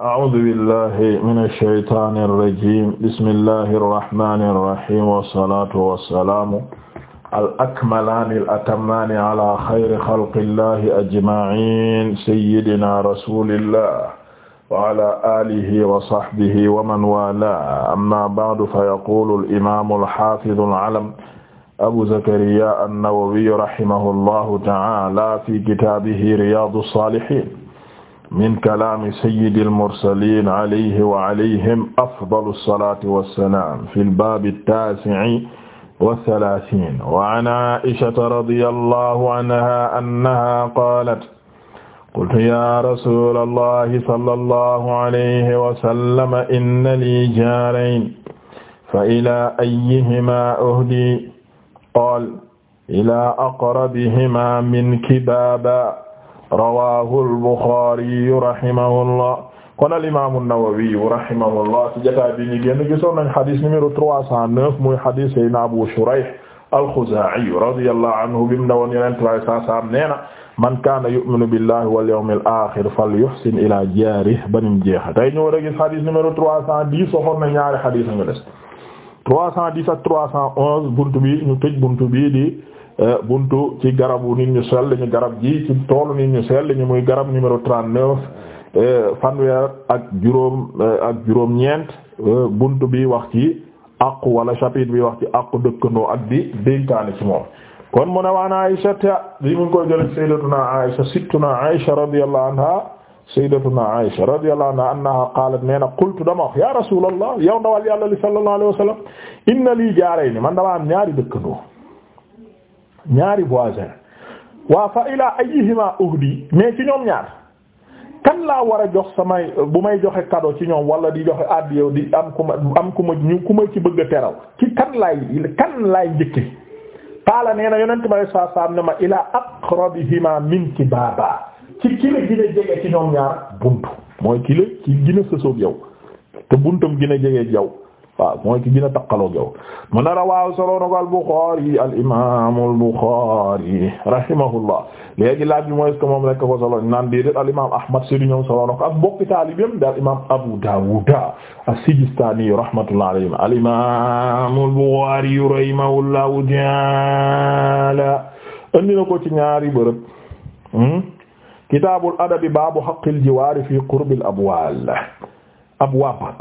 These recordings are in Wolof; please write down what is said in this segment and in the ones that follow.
أعوذ بالله من الشيطان الرجيم بسم الله الرحمن الرحيم والصلاة والسلام الأكملان الأتمان على خير خلق الله أجمعين سيدنا رسول الله وعلى آله وصحبه ومن والاه أما بعد فيقول الإمام الحافظ العلم أبو زكريا النووي رحمه الله تعالى في كتابه رياض الصالحين min kalaami sayyidil mursaliin alayhi wa alayhim afdalu salaati wa salaam fil baabi taasi'i wa salaasiin wa an Aa'ishata radiyallaahu anhaa annahaa qaalat qultu yaa rasuulallaahi sallallaahu alayhi wa sallam inna lii jaarayn fa ilaa ayyihimaa uhdii qaala ilaa aqrabihimaa min kibaabaa rawahu al-Bukhari rahimahullah kon al-imam an-Nawawi rahimahullah ci jotaay bi ñu génn gisoon nañ hadith numéro 309 muy hadith Sayyidina Abu Shurayh al-Khuzaa'i radiyallahu anhu bi mu ne woon yeneen tubaab yi saa saam nee na man kaana yu'minu billahi wal yawmil aaxir falyuhsin ilaa jaarihi ba nim jeex tey ñëw rek gis xadis numéro 310 waxoon na ñaari xadis ñu des 310 ak 311 buntu bi ñu tëj buntu bi di. Eh, buntu ci garabu nit ñu sell ñu garab ji ci toolu nit ñu sell ñu muy garab numéro trente-neuf eh, fanweer ak juróom eh, ak juróom ñeent buntu bi wax ci aqu wala chapitre bi wax ci aqu dëkkandoo ak di dénkaane ci moom kon mu ne waan Aisha bi mu ngi koy jël sayyidatuna Aisha sittuna Aisha radiyallahu anha sayyidatuna Aisha radiyallahu anha annaha qalat nee na qultu dama wax ya rasulallah yow ndawal yàlla li sallallahu alayhi wa sallam inna lii jaarayni man dama am ñaari dëkkandoo ñaari voisin waa fa ilaa ayyihima uhdi mais ci ñoom ñaar kan laa war a jox samay bu may joxe cadeau ci ñoom wala di joxe àddiya di am ku ma am ku ma ñu ku ma ci bëgg a teral ci kan laay kan laay njëkke qaala nee na yonent ma saa saa ne ma ilaa aqrabihima minki baaba ci ki la gën a jege ci ñoom ñaar buntu mooy ki la ci gën sësoog yow te buntam gën a jege yow waaw mooy ki gën a taqaloog al-Bukhari al-imam al laaj bi mooy est ko al-imam Ahmad sidi al-imam al-Bukhari rahimahullahu ta'ala andi ci ñaari bërëb hmm? kitaabul adabi baabu haqqil jiwaari fi qurbil abwaal abwaab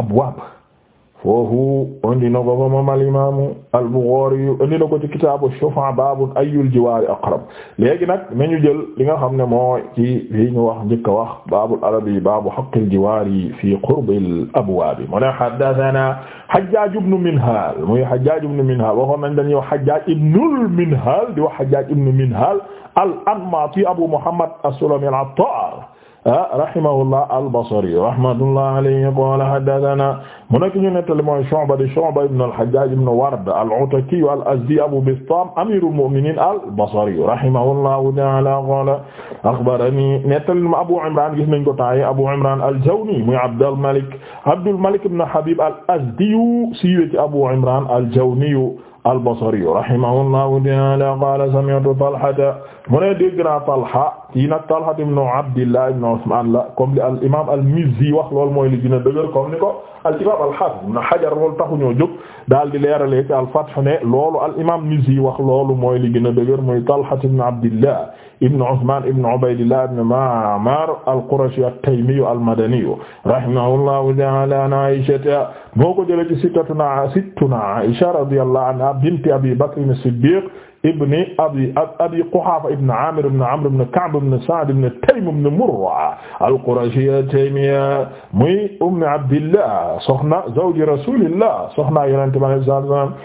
foofu indi na ko ba moom al imaamu al-Bukhari indi na ko ci kitaabu shufaa baabun ayul jiwaari aqrab léegi nag nañu jël li nga xam ne mooy ci fii ñu wax njëkk a wax baabul arabi baabu haqqil jiwaari fii qurbil abwaabi mu ne haddasanaa Hajjaaj ibnu Minhaal muy Hajjaaj ibnu Minhaal waxoon nañ dañuy wax Hajjaaj ibnul Minhaal di wax Hajjaaj ibnu Minhaal al-Anmaati Abu Muhammad as-Sulami al-Attaar Ah, rahimahullah al-Basri rahmatullah alayhi qala haddathana mu nekk ñu nettali mooy Shu'ba di Shu'ba ibn al-Hajjaj ibn Ward al-Ataki al-Azdi Abu Bistam amirul mu'minin al-Basri rahimahullahu ta'ala qala akhbarani nettali ma Abu Imran gis nañ ko taaye Abu Imran al-Jawni muy Abdul Malik Abdul Malik ibn Habib al-Azdi siiwe ci Abu Imran al-Jawni al-Basri rahimahullahu ta'ala qala sami'tu Talhata mu ne dégg naa Talha kii nag Talha ibn Abdillah ibn Usman la comme li al imaam al Mizzi wax loolu mooy li gën a dëgër comme ni ko al imaam al Hafiz ibn Hajar loolu taxuñoo jóg daal di leeralee ci al Fath ne loolu al imaam Mizzi wax loolu mooy li gën a dëgër mooy Talha ibn Abdillah ibn Usman ibn Ubaydillah ibn Ma'mar al Qurashi at-Taymi al Madani rahimahullahu ta'ala an Aisha moo ko jëlee ci sittatuna sittuna Aisha radiyallahu anha binti Abi Bakr as-Siddiq ibni abi abi Quhaafa ibn Aamir ibn Amr ibn Ka'b ibn Sa'd ibn Taym ibn Murra al-Qurashiyya Taymiyya muy ummi Abdillah soxna zawji Rasulillah soxna Yonent bi alayhi salaam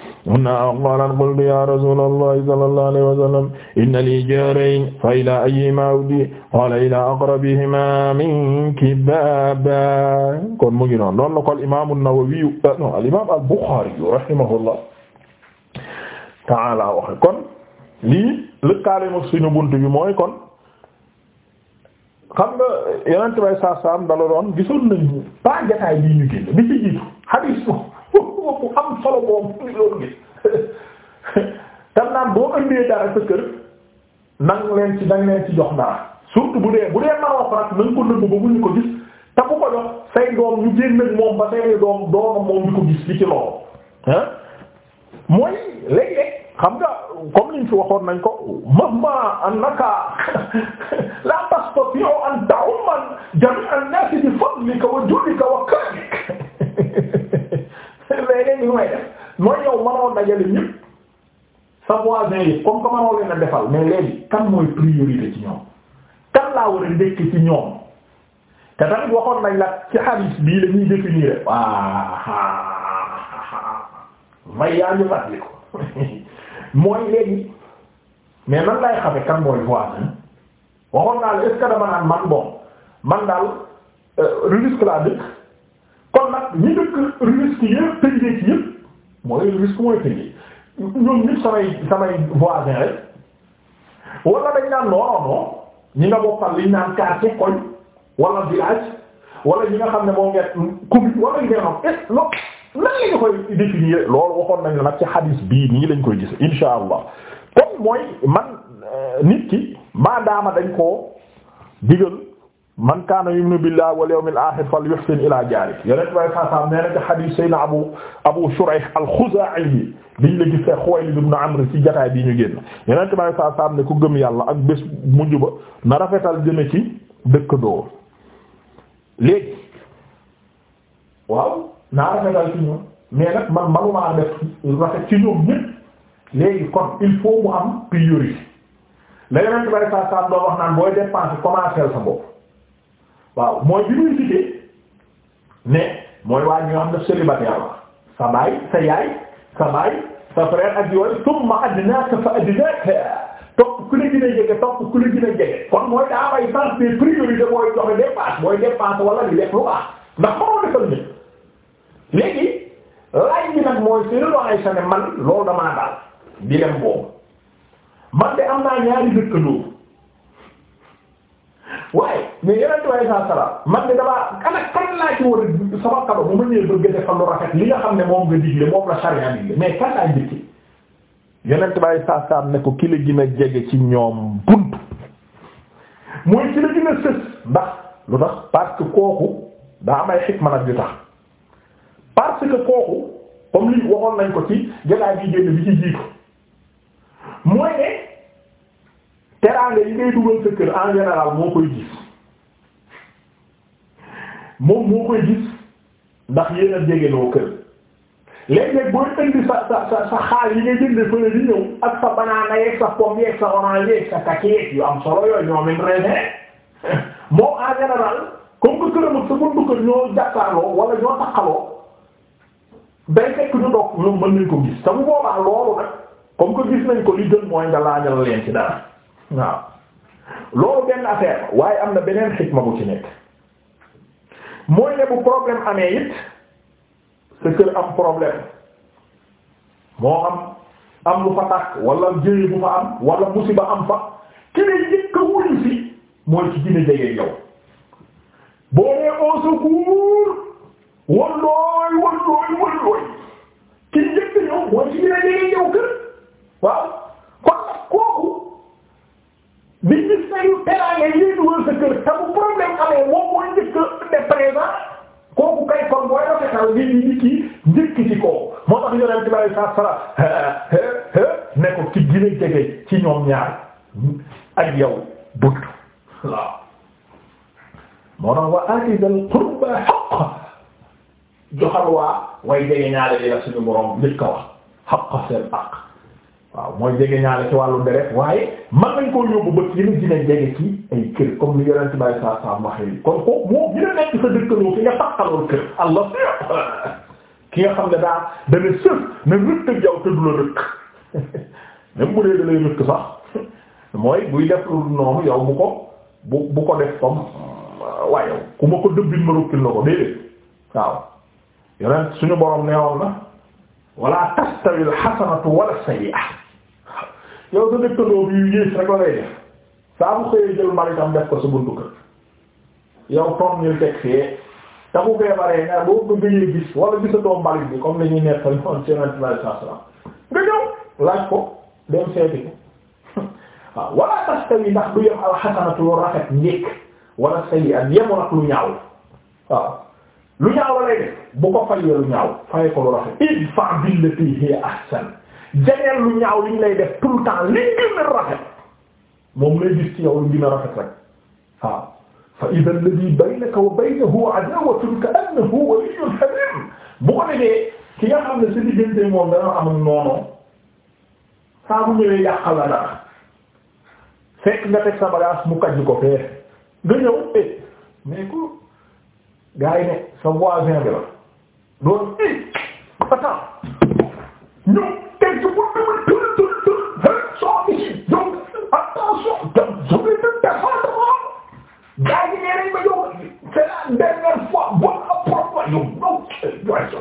qaalat qultu ya Rasuulallahi sallallahu alayhi wa sallam inna lii jaarayn fa ilaa ayyihimaa awdii qaala ilaa aqrabihimaa minki baaban kon mu ngi noonu noonu la ko al-imaam an-Nawawi euh, non al-imaam al-Buxaari rahimahullah ta'ala waxe kon lii lëkkaale mag suñu bunt bi mooy kon xam nga yonent bay saa saam dala doon gisoon nañu pas jataay bii ñu génn bi ci jiitu xadiis boobu am solo boobu bu ñu ko gis te ko jox say doom ñu génn ak moom ba say doom doomam moom ñu ko gis li ci loolu mooy léeg xam nga comme liñ fi waxoon nañ ko mahma annaka la tastati'u an ta'umma jami'a an-nas bi fadlika wa juddika wa karmika léegi ñu may def mooy yow mënoo dajale ñëpp sa voisin yi comme que mënoo leen a defal mais léegi kan mooy priorité ci ñoom laa war a njëkk ci ñoom te nañ la ci hadith bii la ñuy définir waaw mooy léegi mais nan lay xame kan mooy voisin waxoon naa la est dama naan man bon man daal euh, risque laa dëkk kon nag ñi dëkk risque yëpp tëjee ci mooy risque mooy tëjee ñoom ñëpp samay samay voisin rek wala dañ naan non non ñi nga bokkal li ñu naan quartier koñ wala village wala ñi nga xam ne moo ngeen commune wala ñu ngeen xam est lan la ñu koy définir loolu waxoon nañ la nag ci xadis bii nii lañ koy gis insha allah mooy man euh, nit ki maadaama dañ koo digal man kaana yuminu billahi wal yawmil aaxir fal yuhsin ila jaari yeneen way saasaam nee na ci xadis sayna abu abu shurayh al-xuzaa'i yi liñ la gisee xuwaylid ibn amr ci jataay bi ñu génn yeneen way saasaam ne ku gëm yàlla ak bés mujj ba na rafetal jëme ci dëkkandoo léegi waaw naa rafetal ci ñoom mais nag man manumaa def rafet ci ñoom ñépp léegi kon il faut mu am priorité la yonent bari saa saa doon wax naan booy dépenser commencer sa bopp waaw mooy bi muy liggéey ne mooy waa ñi nga xam ne la sa baay sa yaay sa baay sa frère ak yooyu summa adnaaka fa adnaaka topp ku la gën a jege topp ku la kon mooy daa bay sens des priorités mooy joxe dépense mooy dépense wala li lekk lu baax ndax xamoo defal nit léegi laaj bi nag mooy seen loxo di dem ma ñëwee bëgg defal lu rafet li xam ne moom nga digle la sariya digle mais kan laa ko ki la gën a jege mooy ki la gën a sës ndax lu tax parce kooku daa am ay xikma nag yu tax. parce que kooku comme li waxoon nañ ko ci jëlaat bi génn bi ci jiitu mooy ne teraanga yi ngay dugal sa kër en général moo koy gis moom moo koy gis ndax yéen a jegeloo kër léeg-léeg booy indi sa sa sa sa xaal yi ngay jëndee fële di ñëw ak sa banaana yeeg sa pomme yeeg sa orange yeeg sa kaki yeeg yu am solo yooyu ñoo mel raisin moom en général comme que këram ak sa buntu ñoo jàkkaarloo wala ñoo taxaloo. day fekk ñu doog ñoom mën nañ ko gis te bu boobaa loolu nag comme que gis nañ ko li gën mooy nga laajal leen ci dara waaw loolu benn affaire waaye am na beneen xikma bu ci nekk mooy ne problème amee it sa kër am problème moo am am lu fa tàkk wala jëye bu fa am wala musiba am fa ki ne njëkk a wuyu si mooy ci gën jege yow boo nee au secours wallooy wallooy wallooy ki njëkk ñëw mooy ci dina léegi ñëw kër waaw kon nag kooku bi gis nañu teraanga yi dugal sa kër te bu problème amee moom mooy njëkk de présent kooku kay kon booy rafetal bi di kii njëkk ci koo moo tax yonent bi sallallahu alayhi wasallam ne ko ci gën a jege ci ñoom ñaar ak yow bunt waaw moo tax wa aati dal qurba haqqa joxal waa way jege ñaale di la suñu borom njëkk a wax xaq seen àq waaw mooy jege ñaale ci wàllu deret waaye man nañ koo yóbbu ba ci dina jege ci ay kër comme li yonent bay nekk sa dëkkaloo fi ki nga xam ne daa dana sëf na rëkk jaw te du la rëkk même bu dee da rëkk sax mooy buy def lu noonu yow bu ko bu bu ko def comme waaye ku ma ko dëbbin ma rëkkil na ko déedéet waaw yeneen suñu borom neewoon na wala tastawi alxasanatu wala sayyi'a yow sa dëkkandoo bi yu yées rek la lay def jël maritam def ko sa buntu kër yow toog ñu teg fee te bu feebaree nga boo bëggee gis wala gisatoo mbalit bi comme ni ñuy nekkal ñoom ci nga ñëw laaj ko dem seeti ko waaw wala tastawi ndax du yem alxasanatu lu rafet njëkk wala sayyi'a yemul ak lu ñaaw waaw. lu ñaaw lay def bu ko fayee lu ñaaw fay ko lu rafet idfa billatii hiya ahsan janeel lu ñaaw liñ lay def tout le temps li gën rafet moom lay gis ci yow lu gën a rafet rek waaw fa idha alladhi baynaka wa baynahu adawatun ka annahu waliyyun hamim bu ko defee ki nga xam ne sa diggante moom dana am noonu saa bu ñëwee yàqal la dara fekk nga teg sa mu kàjj ko fee nga ñëw eh mais ko gars yi ne sa voisin bi la doon i eh, attends ñu teg ci buntu bi tur tur tur soo ici donc attention je vais te défendre gars yi nee ma yow c'est la dernière fois bon approche wa yow non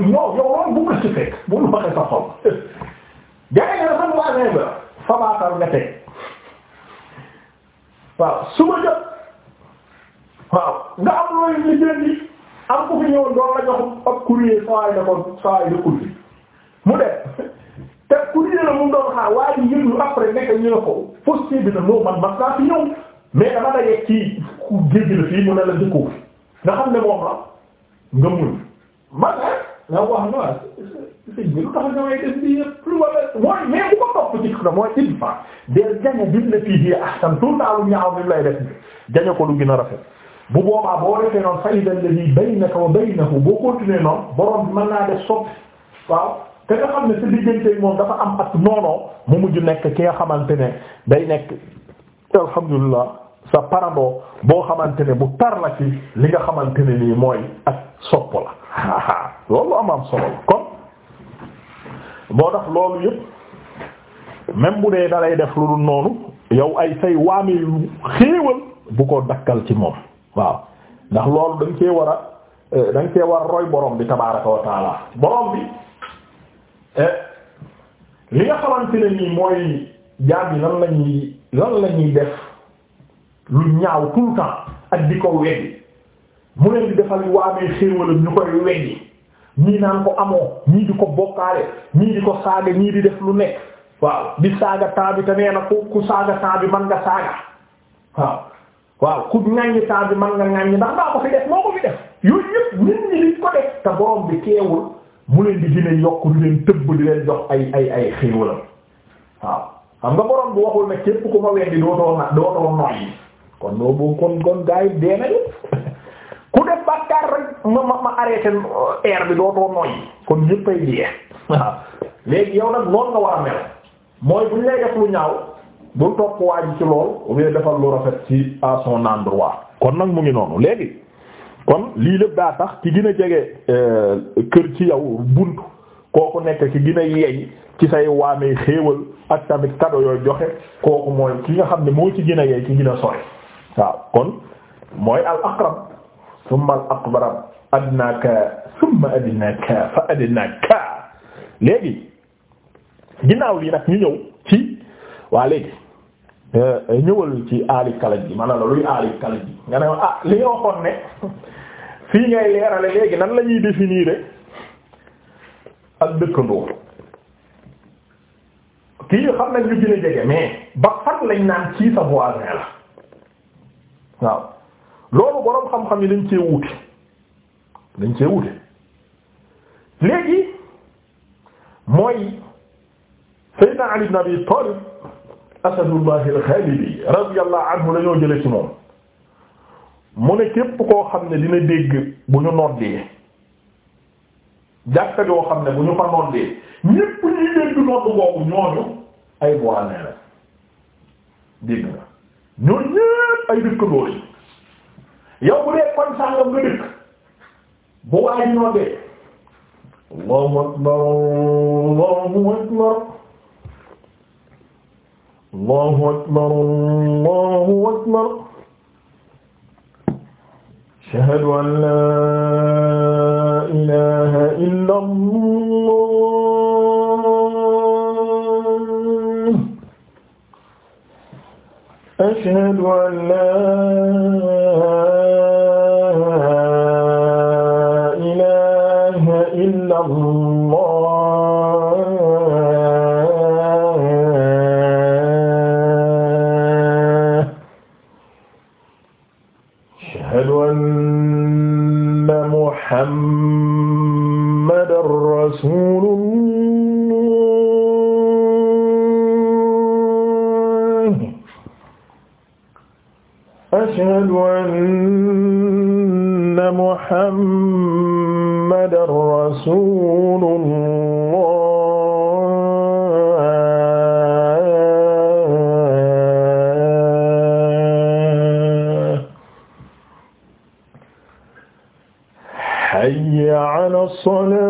non yow loolu bu ma ci fekk bu mu waxee sa xol gars yi ne sa voisin bi la sabaatal nga su ma waaw nga am looy liggéey am ku fi ñëwoon doon la jox ab courrier saa yi ne ko saa yi nekkul mu dem te courrier la mu doon xaar waaye yëngu après nekk ñu ne ko posté bi na non man mas naa fi ñëw mais dama la yegg ci ku géej la fii mu ne la dëkku nga xam ne moom la nga muñ man ah, nga wax ne waaw sëñ bi lu tax nga may def bii yëpp lu wala mooy mais bu ko topp ci na mooy idfa del jañe bi la fii di ahsan tout lu ñaaw mi lay def jañe ko lu gën a rafet. bu boobaa boo defee noonu fa idha alladhi baynaka wa baynahu boo continuer noonu borom bi mën naa def soppi waaw te nga xam ne sa digganteeg moom dafa am ak noonoo mu mujj nekk ki nga xamante ne day nekk alhamdulillah sa parandoo boo xamante ne bu tar la ci li nga xamante ne nii mooy ak sopp la loolu am am solo kon boo tax loolu yëpp même bu dee dalay def lu dul noonu yow ay say waamee yu xéewal bu ko dakkal ci moom waaw ndax loolu dañ cee war a eh, dañ cee war roy borom bi tabaaraka wa taala borom bi eh, li nga xamante ne nii mooy jaam yi lan lañuy lan lañuy def lu ñaaw tout le ak di ko weddi mu leen di defal waamee xéewalam ñu koy weddi ñii naan ko amoo ñii di ko bokkaale ñii di ko saaga ñii di def lu nekk waaw di saaga temps bi te nee na ku ku saaga temps bi man nga saaga waaw waaw ku ŋaññi temps bi man nga ŋaññi ndax maa ko fi def moo ko fi def yooyu yëpp nit ñi ko def te borom bi teewul mu leen di gën a yokk di leen tëbb di leen jox ay ay ay xéewalam waaw xam nga borom bi waxul ne képp ku ma weddi dootoo na dootoo noyyi kon noo boo kon kon gaa yi dee nañu ku def bàkkaar rek ma ma ma arrêté air bi dootoo noyyi kon ñëppay dee waaw léegi yow nag noonu nga war a mel mooy bu ñu lay def lu ñaaw. bul topp waa ci lool wee defal lu rafet ci à son endroit kon nag mu ngi noonu léegi kon lii lépp daa tax ci gën a jege euh, kër ci yow bunt kooku nekk ci gën a yey ci say waamee xéewal ak tamit kado yooyu joxe kooku mooy ki nga xam ne moo ci gën a yey ci gën a sore waaw kon mooy al aqrab thumma al aqrab adnaaka thumma adnaaka fa adnaaka léegi ginnaaw lii nag ñu ñëw ci waa léegi euh, ñëwal ci aali kalaj gi maanaam loolu luy aali kalaj gi nga ne ah li nga waxoon ne fii ngay leerale léegi nan la ñuy définir ak dëkkandoo kii yu xam nañ ñu gën a jege mais ba fan lañ naan ci sa voisin la waaw loolu boroom xam-xam yi dañ cee wuute dañ cee wuute léegi mooy Sayyidina Ali ibn Abi Talib Asadullah al-Khalili radiyallahu anhu la ñoo ci moom mu ne képp koo xam ne dina dégg bu ñu noddee jàkka yoo xam ne bu ñu fa noddee ñépp ñuy dégg nodd boobu ñooñu ay voisins la dégg nga ñoo ñépp ay dëkkandoo lañ yow bu dee kon sàngam nga dëkk bu waaye noddee Allahu akbar Allahu akbar allahu akbar allahu akbar ashhadu an laa ilaaha illa allah ashhadu an laa ashhadu anna muhammadan rasulullah hayya ala salat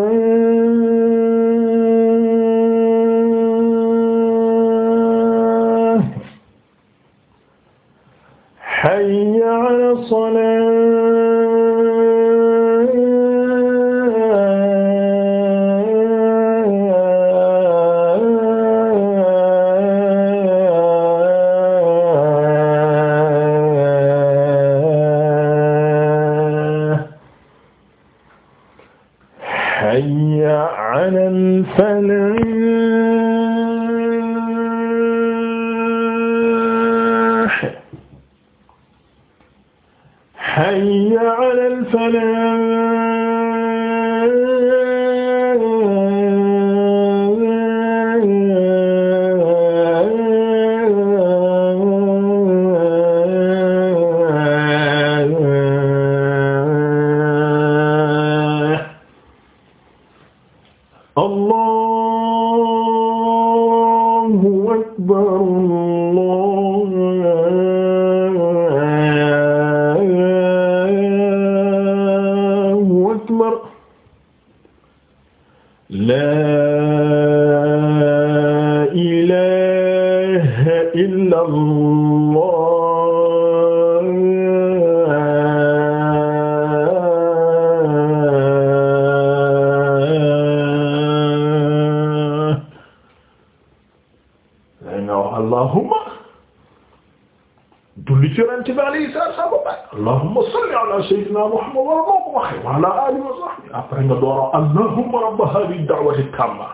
rabba hadhihi ad-da'wati at-tamma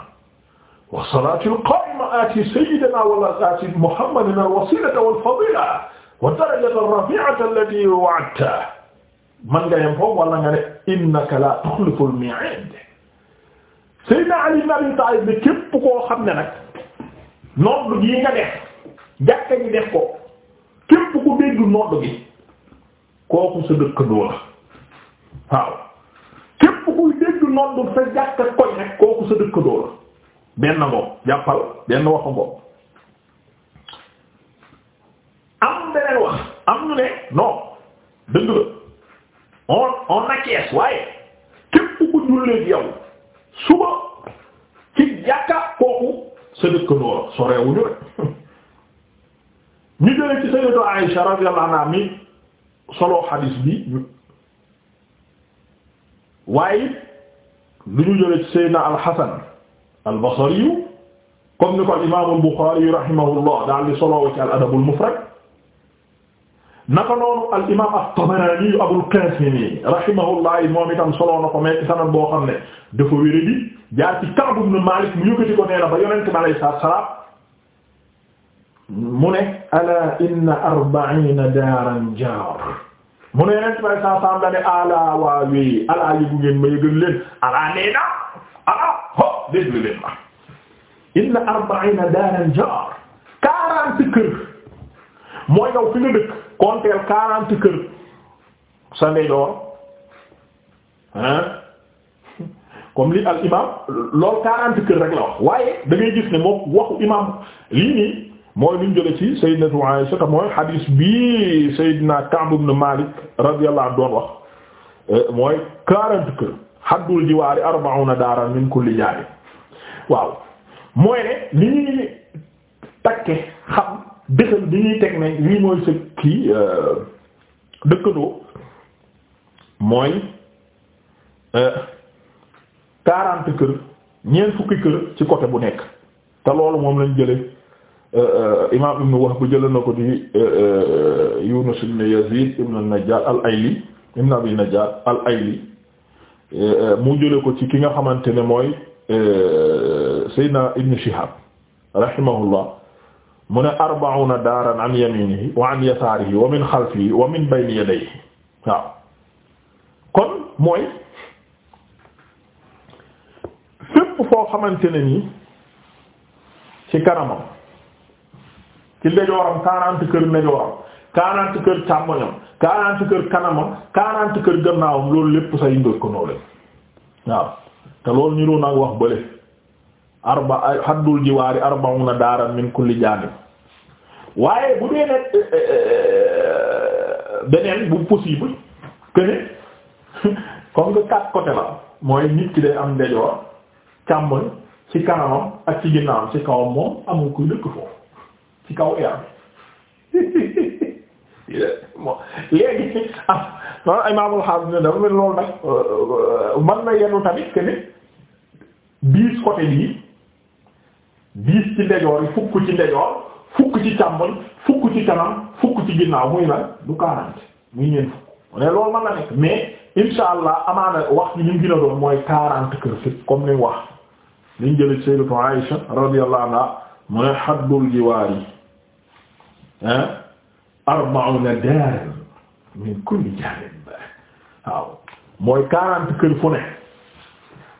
wa salati al-qa'ima ati sayyidina wa ati muhammadana al-wasilata wal-fadila wa darajata ar-rafi'ata allati wa'adta man nga yem foofu wala nga ne innaka la tukhlifu al-mi'ad sayyidina ali ibn abi talib képp koo xam ne nag noddul sa jàkka koñ rek kooku sa dëkkandoo la benn ngoom jàppal benn waxu ngoom am ne non dëgg la on on acquiesce waaye képp ku jullee yow suba ci jàkka kooku sa dëkkandoo la soreewuñu rek ñu jëlee ci sayyidatu Aisha radiyallahu anha mi solo xadiis bi waaye lu ñu jëlee ci Seydina al-Hasan al-Basri comme ni ko al-Imaam al-Buxaari rahimahullah daal di solo ci al-Adab al-Mufrad naka noonu al-Imaam at-Tabaraani Abul Qaasim rahimahullah moom itam solo na ko mais ci sanad boo xam ne dafa wéré di jaar ci Ka'b ibn Maalik mu yëkkati ko nee na ba Yonent bi alayhi salaatu wa salaam mu ne alaa inna arba'iina daaran jaar mu ne yeneen tubaab saa saa nga ne ala waa wéy ala yëgu ngeen ma yëgal leen ala nee na ala ho déglu leen inna arba'ina daaran jaar quarante kër mooy yow fi nga dëkk konteel quarante kër sa ndeyjoor hein comme li al imam loolu quarante kër rek la wax waaye da gis ne moom waxu imam lii nii mooy luñ jële ci sayyidatu Aisha te mooy hadis bi sayyidina Ka'b ibn Malik radiyallahu anhu doon wax euh, mooy quarante kër haddul jiwaari arba'una daaran min kulli jaari waaw mooy ne li ñuy takke xam teg ne lii kii euh, dëkkandoo mooy euh, quarante kër ñeent fukki kër ci côté bu nekk te loolu moom lañ jële Euh, imaam ibn Wahb jël na ko di euh, euh, Yunus ibn Yazid ibn an-Najjar al-Ayli ibn Abi an-Najjar al-Ayli mu jële ko ci ki nga xamante ne mooy Seydina Ibn Shihab rahimahullah mu ne arba'una daaran an yaminihi wa an yasaarihi wa min xalfihi wa min bayni yadayhi waaw kon mooy fépp foo xamante ne nii ci kanamam ci ndejooram quarante kër ndejooram quarante kër càmmoñam quarante kër kanamam quarante kër gannaawam loolu lépp sa yëngal ko noonu waaw te loolu ñu doon ak wax bële arba haddul jiwaari arba'una daaran min kulli jaanib waaye bu dee nekk eh, eh, eh, beneen bu possible que ne comme que quatre côtés la mooy nit ki day am ndejoor càmmoñ ci kanamam ak ci ginnaawam ci kawam moom amul kuy dëkk foofu. ci kaw air mo bon léegi ah non imaamul xaafis ne dafa mel loolu nag euh, mën na yenu tamit que ne biis côté bii biis ci ndejoor yi fukk ci ndejoor fukk ci càmmoñ fukk ci kanam fukk ci ginnaaw muy nag du quarante muy ñeent fukk ne loolu mën na nekk mais insha allah amaana wax ji ñu gën a doon mooy quarante kër comme ni wax liñ jële ci Sayyidatu Aïsha radiyallahu mu ne haddul jiwaari ah, arba'una daaran min kulli jaanib waaw mooy quarante kër fu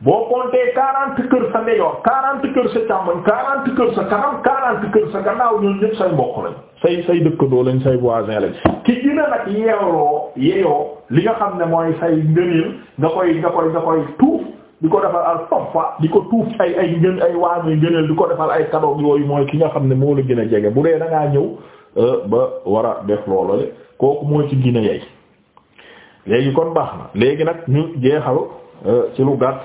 boo compter quarante kër sa ndeyoor quarante kër sa càmmoñ quarante kër sa kanam quarante kër sa gannaaw ñun ñëpp say mbokk lañ say say dëkkandoo lañ say voisin lañ ki gina nag yeewloo yeeyoo li nga xam ne mooy say ngëneel nga koy nga koy nga koy tuuf di ko defal al soffa di ko tuuf ay ay gën ay waanuy gëneel di ko defal ay cadeau yooyu mooy ki nga xam ne moo la gën a jege bu dee da ngaa ñëw euh, ba war a def loolole kooku mooy ci gine yey léegi kon baax na léegi nag ñu jeexal euh, ci lu gàtt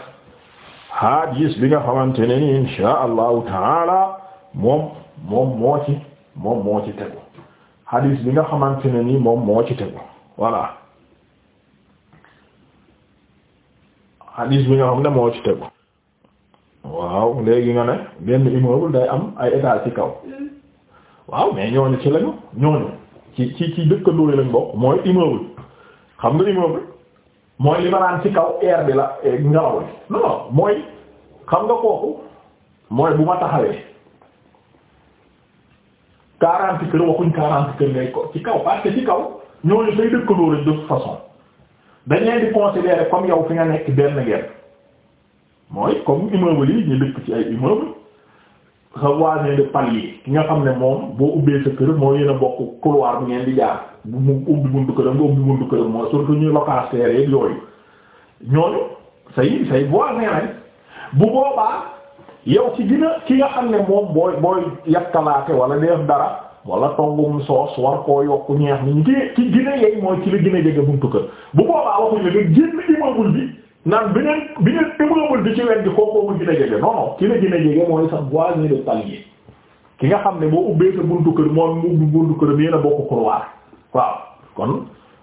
hadis bi nga xamante ne ni insha allahu taala moom moom moo ci moom moo ci tegu hadis bi nga xamante ne ni moom moo ci tegu voilà hadis bi nga xam ne moo ci tegu waaw léegi nga ne benn immeuble day am ay étage ci kaw waaw mais ñooñu ci lañu ñooñu ci ci ci dëkkandoo yi lañ bokk mooy immeuble xam nga immeuble mooy li ci kaw air bi la eh, ngelaw li non non mooy xam nga kooku mooy bu ma taxawee kër waxuñ quarante kër ngay ko ci kaw parce ci kaw ñooñu say dëkkandoo lañ de façon. dañ leen di considérer comme yow fi nga nekk benn ngeen mooy comme immeuble yi ñu dëkk ci ay immeuble sa voisin de palier ki nga xam ne moom boo ubbee sa kër moo yéen a bokk couloir bi ngeen di jaar bu mu ubbi buntu këram nga ubbi buntu këram mooy surtout ñuy locataires yeeg yooyu ñooñu say say voisin lañ bu boobaa yow ci gën ki nga xam ne moom booy booy yakkalaate wala def dara. wala tongum soos war koo yokk ñeex ni ñu ci ci gine yeey mooy ci la gine jege buntu kër bu boobaa waxuñ la nga génn immeuble bi naan beneen beneen immeuble bi ci wet bi koo koomu gine jege non ci la gine jege mooy sa voisin de palier ki nga xam ne boo ubbee sa buntu kër moom mu buntu kër yéen a bokk couloir waaw kon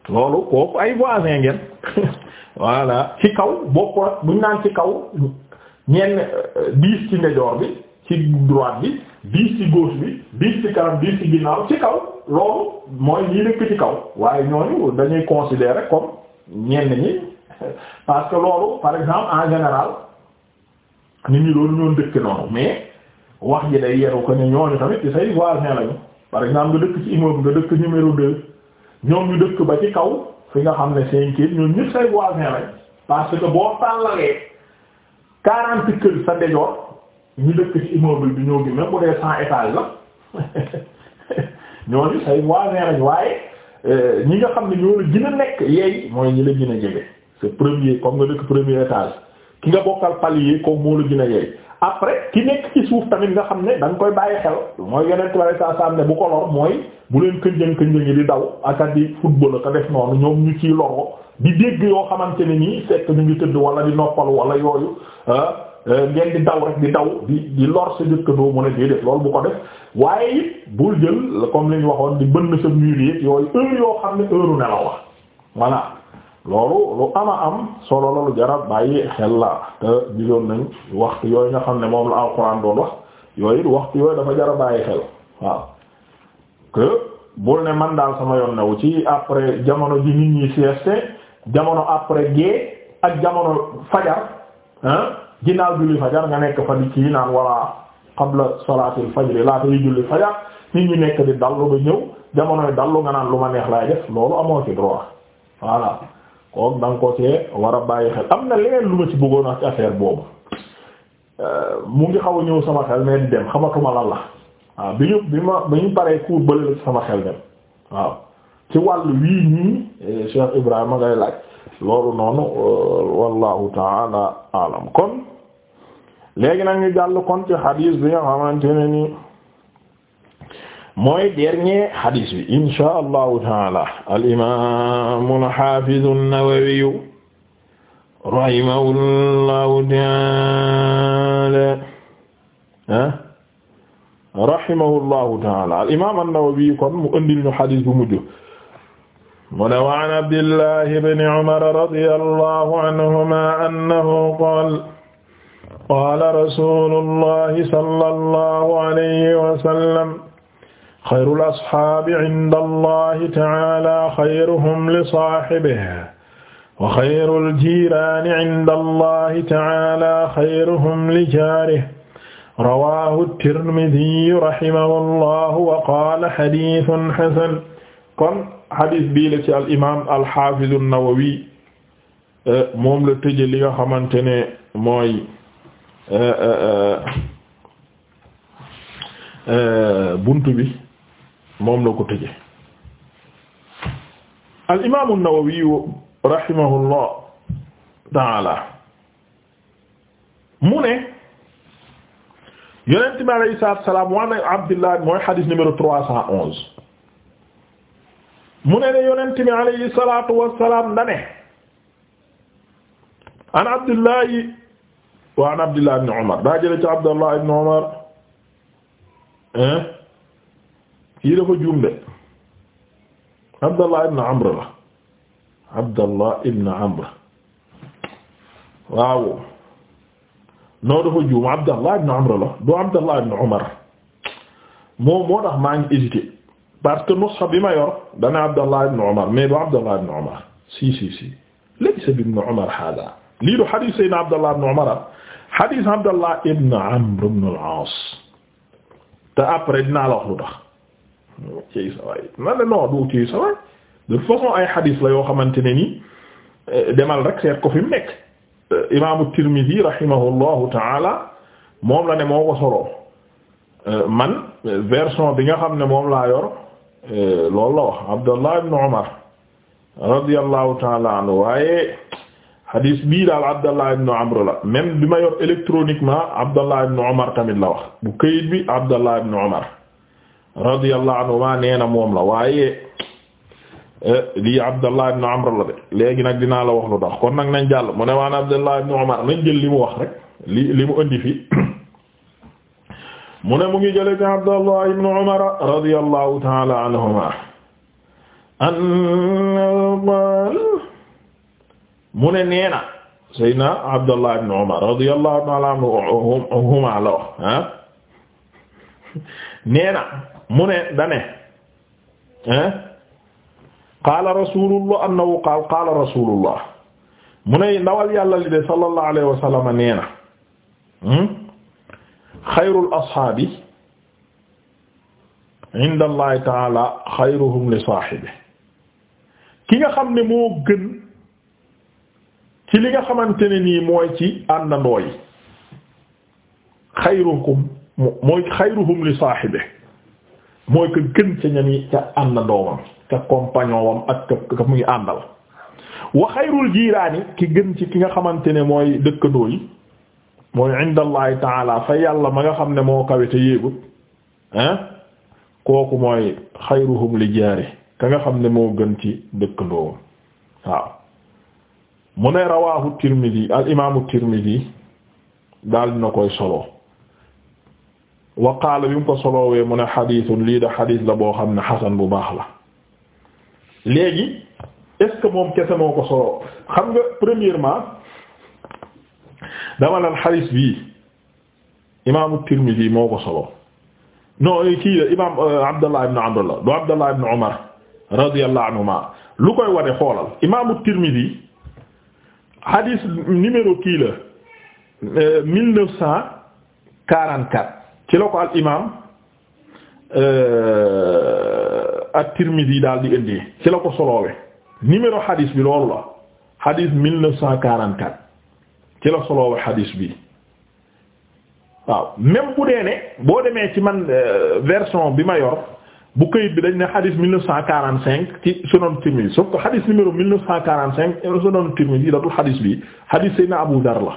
loolu kooku ay voisin ngeen voilà ci kaw bokkul buñ naan ci kaw ñenn euh, dix ci ndejoor bi ci droite bi dix ci gauche bi dix ci kanam dix ci ginnaaw ci kaw loolu mooy ñi nekk ci kaw waaye ñooñu dañuy considérer comme ñenn ñi parce que loolu par exemple en général nit ñi loolu ñoon dëkk noonu mais wax ji day yeru ko ne ñooñu tamit ci say voisin lañu par exemple dëkk ci immeuble nga ñu dëkk ba ci kaw nga xam ne cinquième ñoom ñëpp say voisin parce que boo tàllalee quarante kër sa ndejoor ñu dëkk ci immeuble bi ñoo gi même bu dee cent étages la ñooñu say voisins lañ waaye euh, ñi nga xam ne ñoo la gën a nekk yeey mooy ñu la gën a jege c'est premier comme nga dëkk premier étage ki nga bokkal yi comme moo la gën a yeey après ki nekk ci suuf tamit nga xam ne da koy bàyyi xel mooy yeneen tubaab saa saa ne bu ko lor mooy bu leen kënjëng kënjëng yi di daw ak di football ak def noonu ñoom ñu ci loro di dégg yoo xamante ne nii fekk ñu ngi tëdd wala di noppal wala yooyu ah, Euh, ngeen di daw rek di daw di di lor sa jëkkandoo mu ne déedéet loolu bu ko def waaye it bul jël comme li waxoon di bënn sa mur yi yooyu heure yoo xam ne heure ne la wax loolu lu ama am solo la lu jarab bàyyi xel la te gisoon nañ waxtu yooyu nga xam ne moom la alxuraan doon wax yooyu it waxtu yooyu dafa jara bàyyi xel waaw que bul ne man daal sama yoon newu ci après jamono ji nit ñi sieste jamono après gée ak jamono fajar ah ginnaaw julli fajar nga nekk fa di kii naan wala qabla salaatil fajr laata yu julli fajar nit ñi nekk di dallu ba ñëw jamonoy dallu nga naan lu ma neex laay def loolu amoo ci droit voilà kooku da ko see war a bàyyi xel am na leneen lu ma ci bëggoon ak affaire boobu euh, mu ngi xaw ñëw sama xel mais di dem xamatuma lan la waaw bi ñu bi ma bi ñu paree cours bële la sama xel dem waaw ci wàllu wii ñii euh, Cheikh Ibrahima ngay laaj. loolu noonu euh, wallahu taala alam kon léegi nag ñu jàll kon ci xadiis bi nga xamante ne ni mooy dernier xadiis bi insha allahu taala al imam al xaafiz an-Nawawi taala ah rahimahullahu taala al imam an-Nawawi kon mu mu ne wa an abdillahi bni umar radiyallahu anhuma annahu qaala qaala rasuulullahi sallallahu alayhi wa sallam xayrul asxaabi inda allahi ta'aala xayruhum li saahibihi wa xayrul jiiraani inda allahi ta'aala xayruhum li jaarihi rawaahu tirmidiyu rahimahu llahu wa qaala hadiisun hasan kon hadith bii la ci al imaam al haafiz nawawi eh, moom la tëje li nga xamante ne mooy eh, eh, buntu bi moom la ko tëje al imaam an-Nawawi rahimahullah taala mu ne yonent bi alayhi salaam wa an mooy hadith numéro trois cent onze mu ne ne yonent bi alayhi salaatu wassalaam dane an abdullahi wa an abdullah ibn umar daa jële ci abdullah ibn umar kii dafa juumde abdullah ibn la abdullah ibn amr waaw noo dafa juum abdullah ibn amr la abdullah ibn umar moom moo tax maa ngi parce que nusxa bi ma yor dana Abdallah ibn Umar mais ba Abdallah ibn Umar si si si laysa bi ibn Umar hada lii du hadith sayyidina ah. Abdallah ibn Amr ibn al-As après dinaa la wax lu ci sa waay na du ci sa waay de façon ay hadith la yoo xamante ne ni eh, demal rek seet ko fi mu nekk eh, imaamu Tirmidhi rahimahullahu ta'ala moom la ne moo ko eh, bi nga xam ne moom laa yor Euh, loolu la wax Abdallah ibn Umar radiyallahu taala anhu waaye hadis bii daal Abdallah ibn Amr la même bi ma yor électroniquement Abdallah ibn Umar tamit la wax bu këyit bi Abdallah ibn Umar radiyallahu anhu maa nee na moom la waaye euh, lii Abdallah ibn Amr la de léegi nag dinaa la wax lu tax kon nag nañ jàll mu ne waan Abdallah ibn Umar nañ jël li mu wax rek li mu indi fi mu ne mu ngi jële ci Abdallah ibn Umar radiyallahu ta'ala anhuma anqal mu ne neena Seydina Abdallah ibn Umar radiyallahu ta'ala anhuma la wax ah neena mu ne dane ah qaala rasulullah annahu qaala qaala rasulullah mu ne ndawal yàlla li de sallallahu alayhi wa sallam neena hmm? xayrul ashaabi inda allahi taala xayruhum li saahibi ki nga xam ne moo gën ci li nga xamante ni nii mooy ci àndandoo yi xayrukum mooy xayruhum li saahibi mooy ko gën ca ñami ca àndandoomam ca compagnon wam ak muy àndal wa xayrul jiiraani ki gën ci ki nga xamante ne mooy dëkkandoo yi mooy inda allahi taala fa yàlla ma nga xam ne moo kawe te yéegut ah kooku mooy xayruhum li jaari ka nga xam ne moo gën ci dëkkandoowam waaw mu ne rawahu tirmidi al imaamu tirmidi daal dina koy solo wa qaala bi mu ko solowee mu ne xadiisun lii da xadiis la boo xam ne xasan bu baax la léegi est ce moom kese moo ko solo xam nga premièrement dama lal xadis bii imaamu Tirmidi moo ko solo non eh, kii la imaam eh, Abdallah ibn Amr la du Abdallah ibn Umar radiyallahu anhuma lu koy wane xoolal imaamu Tirmidi xadis numéro kii la eh, neuf cent quarante-quatre ci la ko al imaam at daal di indi ci la xadis bi loolu la xadis mille neuf cent quarante ci la soloowe xadiis bi waaw même bu dee ne boo demee ci man euh, version bi ma yor bu këyit bi dañ ne xadiis mille neuf cent quarante cinq ci sunan Tirmidhi sauf que xadiis numéro mille neuf cent quarante cinq sunan Tirmidhi datul xadiis bi xadiis Seydina Abu Dar la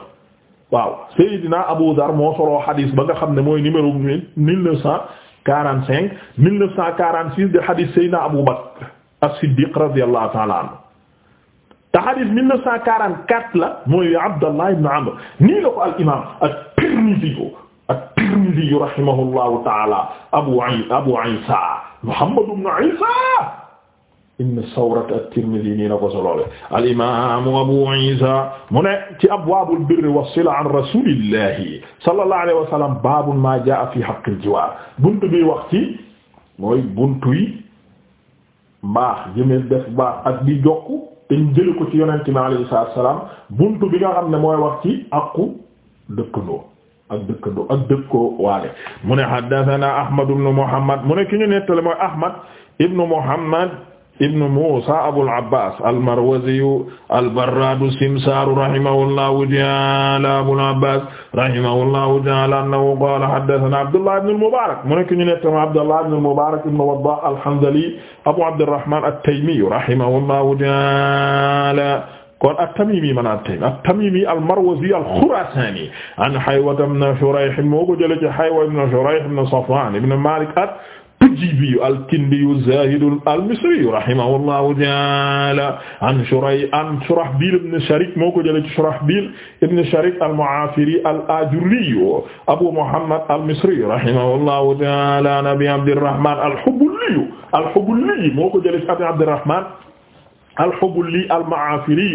waaw Seydina Abu Dar moo soloo xadiis ba nga xam ne mooy numéro mille neuf cent quarante cinq mille neuf cent quarante six de xadiis Seydina Abu Bakr as-Siddiq radiyallahu ta'ala anhu te hadith 1944 la mooy Abdallah ibn Amr nii la ko al imaam at-Tirmidhi at-Tirmidhi rahimahullahu ta'ala Abu Abu Isa Muhammad ibn Isa ibn Sawrat at-Tirmidhi nii la ko soloole al imaam Abu Isa mu ne ci abwaabul birri was-sila an rasulillahi sallallahu alayhi wa sallam baabun maa jaa'a fi haqqil jiwaar buntu bi wax ci mooy buntu yi baax jëmee def baax ak di jokk te ñu jële ko ci yonent bi alayhi salaatu salaam buntu bi nga xam ne mooy wax ci àqu dëkkandoo ak dëkkandoo ak dëkkoo waale mu ne haddathana Ahmad ibn Muhammad mu ne ki ñu nettale mooy Ahmad ibn Muhammad ibn Musa Abul Abbas al-Marwazi al-Barrad as-Simsar rahimahullahu ta'ala Abul Abbas rahimahullahu ta'ala annahu qala haddathana Abdullah ibn al-Mubarak mu nekk ñu ne tam Abdullah ibn al-Mubarak ibn Waddah al-Hanzali Abu Abdurrahman at-Taymi rahimahullahu ta'ala kon at-Tamimi man at-Taymi at-Tamimi al-Marwazi al-Khurasani an Haywa ibn Shurayh moo ko jëlee ci Haywa ibn Shurayh ibn Safwan ibn Malik tujibi al-Kindiyu zahidu al-Misriyu rahimahullahu ta'ala an Shuray an Shurahbil ibn Sharik moo ko jëlee ci Shurahbil ibn Sharik al-Mu'afiri al-Ajurriyu Abu Muhammad al-Misriyu rahimahullahu ta'ala an Abi Abdirrahman al-Hubulliyu al-Hubulliyu moo ko jëlee ci Abi Abdirrahman alxubuli almaafiri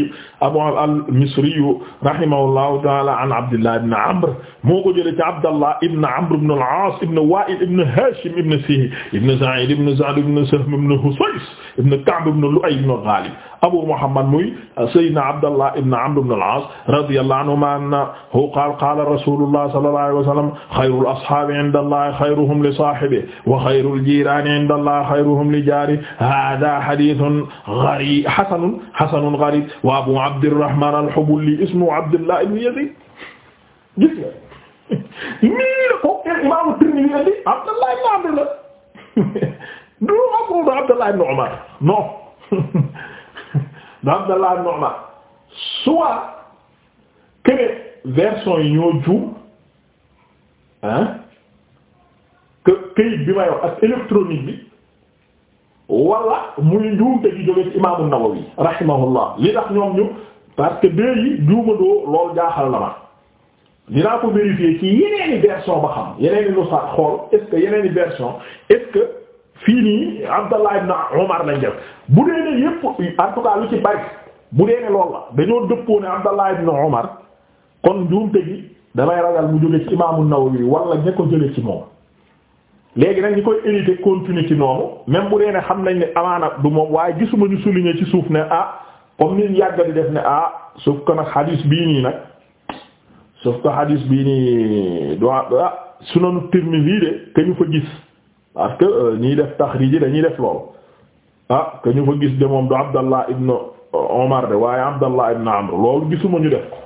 abu almisriyu rahimahullahu taala an abdillah ibn amr moo ko jëlee ci abdallah ibn amr ibn al-aas ibn waa'il ibn hashim ibn sihi ibn sa'id ibn sa'd ibn sahm ibn husays ibn ka'b ibn lu'ay ibn ghalib abu muhammad muy sayyidina abdallah ibn amr ibn al-aas radiyallahu anhumaa annahu qaala qaala rasulullah sallallahu alayhi wa sallam xayrul ashaabi inda allahi xayruhum li saahibihi wa xayrul jiiraani inda allahi xayruhum li jaarihi haaza hadiisun gariib xasanun xasanun garib wa abu abdirrahman al-Hubuli ismu abdullah ibn yazid gis nga nii la ko imam Tirmidhi indi abdullah ibn abdullah du abdu abdullah ibn Umar non abdullah ibn Umar soit que version yi ñoo juum hein que këyit bi may wax ak électronique bi wala muy njuumte gi jóge ci imaamu Nawawi rahimahullah li tax ñoom ñu parce que deux yi juumadoo loolu jaaxal na ma dinaa ko vérifier ci yeneeni version ba xam yeneeni lu sax xool est-ce que yeneeni version est-ce que fii nii Abdallah ibn Umar lañ def bu dee ne yépp en lu ci bari bu dee ne loolu la dañoo dëppoo ne Abdallah ibn Umar kon njuumte gi damay ragal mu jóge ci imaamu Nawawi wala ña ko jële ci moom léegi nag ñi koy hérité continuer ci noonu même bu dee ne xam nañ ne amaana du moom waaye gisuma ñu souligner ci suuf ne ah comme ni yàggal di def ne ah sauf que nag hadis bii nii nag sauf bii nii do ah Sunan Tirmidhi de que ñu fa gis parce que euh, ñiy def taxrij dañuy def loolu ah que ñu fa gis de moom du Abdallah ibn euh, Omar de waaye Abdallah ibn Amr loolu gisuma ñu def ko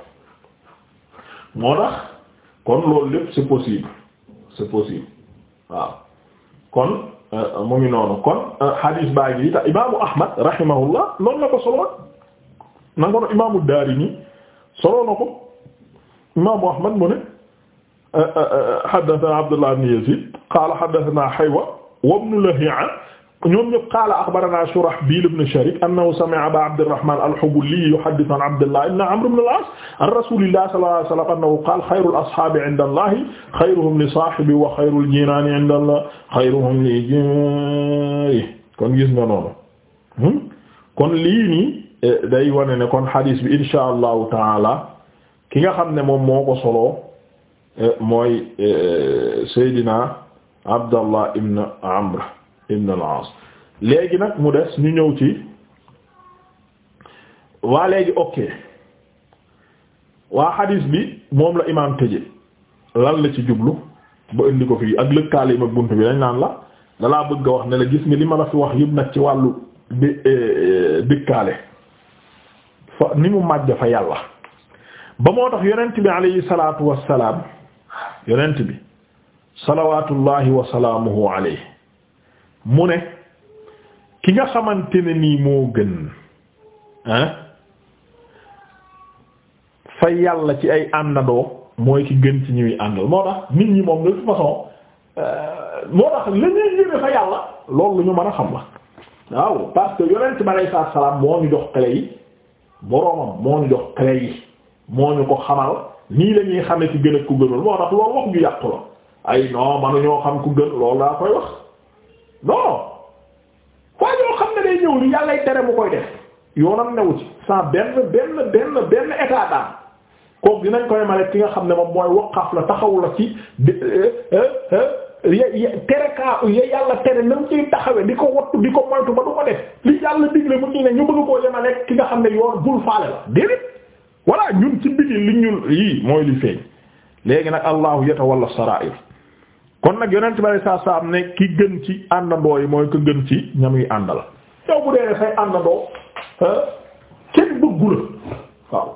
moo tax kon loolu lépp c'est possible c'est possible. waaw kon euh, mu ngi noonu kon euh, hadis baa ngi ta imaamu Ahmad rahimahullah noonu la ko solo na nga ko imaamu Daarimi solo na ko imaamu Ahmad mu ne euh, haddathana Abdullah ibn Yazid qala haddathana Haywa wa ibn Lahi'a ñoom ñëpp qaala axbaranaa Shurahbiil ibn Sharik annahu sami'a Abaa Abdirrahmaan al-Hubuli yuhaddithu an Abdillah ibn Amr ibn al-As an rasuulillah sallallahu alayhi wa sallam annahu qaala xayrul asxaabi inda Allahi xayruhum li saahibihi wa xayrul jiiraani inda Allahi xayruhum li jaarihi kon gis nga noonu hmm? kon lii nii eh, day wane ne kon xadiis bi insha allahu taala ki nga xam ne moom moo ko soloo eh, mooy eh, Seydina Abdallah ibn Amr ibn al léegi nag mu des ñu ñëw ci waa léegi ok waa xadiis bi moom la imaam tëje lan la ci jublu ba indi ko fii ak lëkkaale yi mag bunt bi dañ naan la dalaa bëgg a wax ne la gis nga li ma la fi wax yëpp nag ci wàllu di e, e, dikkaale fa ni mu màjj fa yàlla ba moo tax yonent bi alayhi salaatu salaam yonent bi salawaatullahi wa salaamuhu alayhi mu ne ki nga xamante ne nii moo gën ah fa yàlla ci ay àndandoo mooy ki gën ci ñuy àndal moo tax nit ñi moom de toute façon euh, moo tax lu ñu mën a xam la waaw parce yonent bi alayhi salaatu moo ñu jox clé yi boroomam moo ñu jox clé yi moo ñu ko xamal nii la ñuy ci gën ak ku gënul moo tax loolu wax ju yàqu la ay non manu ñoo xam ku gën loolu laa koy wax non waa yoo xam ne day ñëw ni yàlla tere mu koy def yoonam newu ci sans benn benn benn benn état d'âme kooku dinañ koy male ki nga xam ne moom mooy waqaf la taxawu la ci euh, euh, euh, tere kaa ya yàlla tere na mu taxawe di ko wattu di ko moytu ba du ko def li yàlla digle mu ñu ne ñu bëgg koo yemale ki nga xam ne yoon bul faale la déedéet voilà ñun ci biti li ñun yii mooy li feeñ léegi nag allahu yatawalla sarair kon nag yonent bari saa saa am ne ki gën ci àndandoo yi mooy ko gën ci ñam yi àndal yow bu dee say àndandoo kenn bëggu la waaw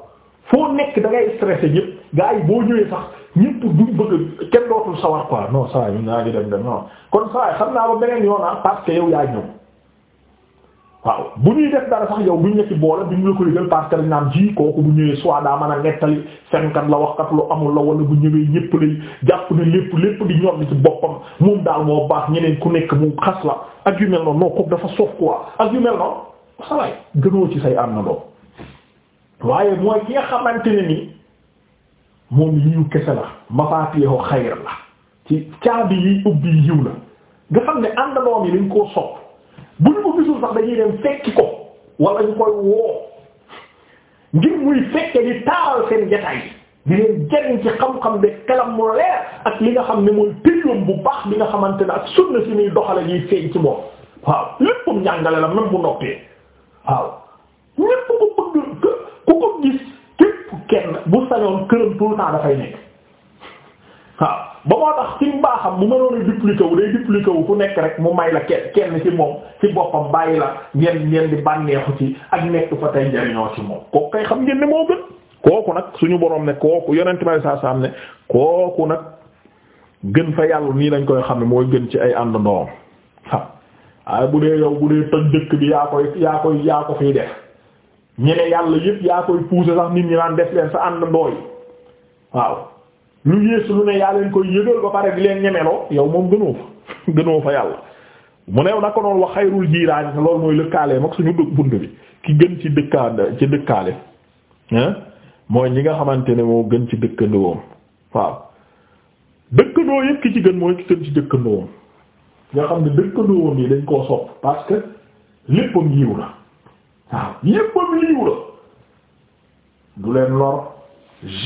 foo nekk da ngay stressé ñëpp gaa yi boo ñëwee sax ñëpp duñ bëgg kenn dootul sawar quoi non saa yi naa ngi dem dem non kon saa yi xam naa ba beneen yoon ah, parce que yow yaa ñëw. waaw bu ñuy def dara sax yow bu la ci boole duñ la ko yëgal parce que dañ naan ji kooku bu ñëwee soit daa mën a nettali fenkat la waxkat lu amul la wala bu ñëwee ñépp lay jàpp ne lépp lépp di ñor ci boppam moom daal moo baax ñeneen ku nekk mu xas la ak yu mel noonu dafa sof quoi ak yu mel noonu xalaay gënoo ci say am waaye mooy ki nga xamante ne ni moom yiw kese la mafaatihu xayr la ci caabi yi ubbi yiw la nga xam ne àndandoom yi lañ koo sopp bu ñu ko gisul sax dañuy dem fekki ko wala ñu koy woo ngir muy fekke di taaral seen jotaay di leen jariñ ci xam-xam bi kalam mu leer ak li nga xam ne mooy période bu baax bi nga xamante ne ak sunna si muy doxale yiy feeñ ci moom waaw léppam njàngale la même bu noppee waaw ñépp ko bëgg ku ko gis képp kenn bu sañoon këram tout dafay nekk waaw ba moo tax ci mbaaxam bu mënoon a dupliquer day dupliquer wu ku nekk rek mu may la kenn kenn ci moom ci boppam bàyyi la ngeen ngeen di bànneexu ci ak nekk fa tey jariñoo ci moom kooku kay xam ngeen ne moo gën kooku nag suñu boroom ne kooku yonent may saa saam ne kooku nag gën fa yàlla nii lañ koy xam ne mooy gën ci ay ànd ndoom waaye bu dee yow bu dee toj dëkk bi yaa koy yaa koy yaa ko fiy def ñene yàlla yëpp yaa koy pousser sax nit ñi naan def leen sa ànd ndooy lu yées lu ne yaa leen koy yëgal ba pare di leen ñemeloo yow moom gënoo fa gënoo fa yàlla mu neew naka noonu wax xayrul jiiraan loolu mooy lëkkaale mag suñu dëkk bunt bi ki gën ci dëkkaa ci dëkkaale mooy ñi nga xamante ne moo gën ci dëkkandoom waaw dëkkandoo yëpp ci gën mooy ki gën ci dëkkandoom nga xam ne dëkkandoom yi dañ koo sopp parce que léppam yiw la waaw léppam yiw la du leen lor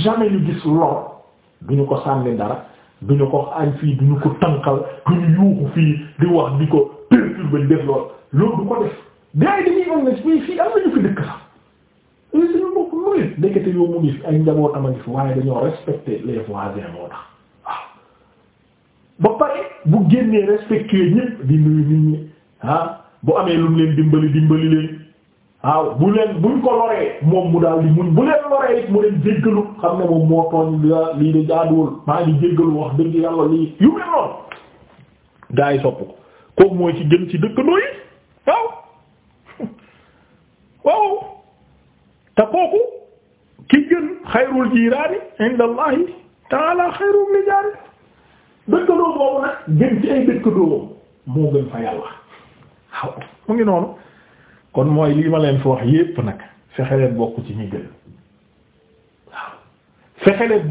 jamais ñu gis lor duñu ko sànni dara duñu ko añ fii duñu ko tànqal duñu yuuxu fii di wax di ko perturber di def lool loolu du ko def gars yi dañuy am na fii fii am nañu fi dëkk sax li suñu mbokk mu ngi ndekete yow mu ngi ay njabootam a fi waaye dañoo respecter les moo tax waaw ba pare bu génnee respecter ñi ah, bu amee lu mu leen dimbali dimbali leen waaw bu leen buñ ko loree moom mu daal di muñ bu leen loree mu leen jéggalu xam ne moom moo tooñ lii de jaaduwul maa ngi jéggalu wax dëgg yàlla lii yu mel noonu gaa yi sopp ko kooku ci gën ci dëkkandoo yi kooku ki gën xayrul jiiraani inda allahi taala xayrul li jaari dëkkandoo gën ci ay dëkkandoo moo gën fa yàlla waaw mu ngi noonu kon mooy lii ma leen fi wax yépp nag fexeleen bokk ci ñi gën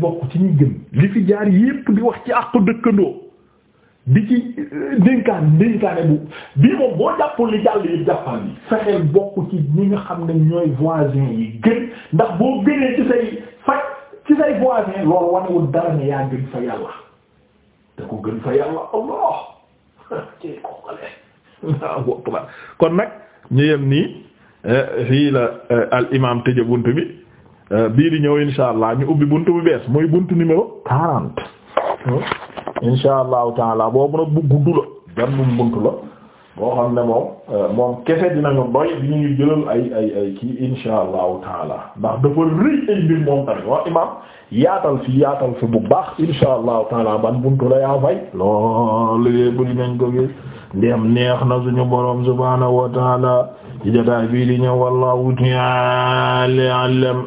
bokk ci ñi gën li fi jaar yépp di wax ci àqu dëkkandoo di ci euh, dénkaan dénkaane bu bii moom boo jàppul li jàll yépp jàppal bi fexeel bokk ci ñi nga xam ne ñooy voisin yi gën ndax boo gënee ci say faj ci say voisin loolu wanewul dara ne yaa gën fa yàlla te ko gën fa yàlla allah kon nag ñu yem nii eh, fii la eh, al imam tëjee buntu bi eh, bii di ñëw insha allah ñu ubbi bunt bu bees muy buntu numéro quarante hmm? insha allahu taala boobu nag bu gudd la gàllum buntu la boo xam ne moom moom kese dinañu doy di ñu jëlal ay ay ay kii insha allahu taala ndax dafa rëy ay moom tamit wax imam yaatal fi yaatal fi bu baax insha allah taala ban buntu la yaa fay loolu yëpp dinañ ko gis. ndem neex na suñu borom subhaanahu wa taala ci jotaay bii di ñëw wallahu ta'ala a'lam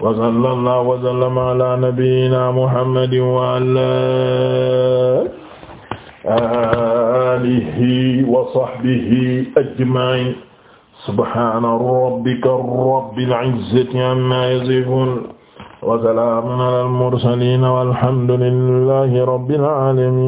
wa sallallahu wa sallama ala nabiyyina muhammadin wa ala alihi wa sahbihi ajma'in subhana rabbika rabbil izzati amma yasifun wa salamun ala al mursalin walhamdulillahi rabbil alamin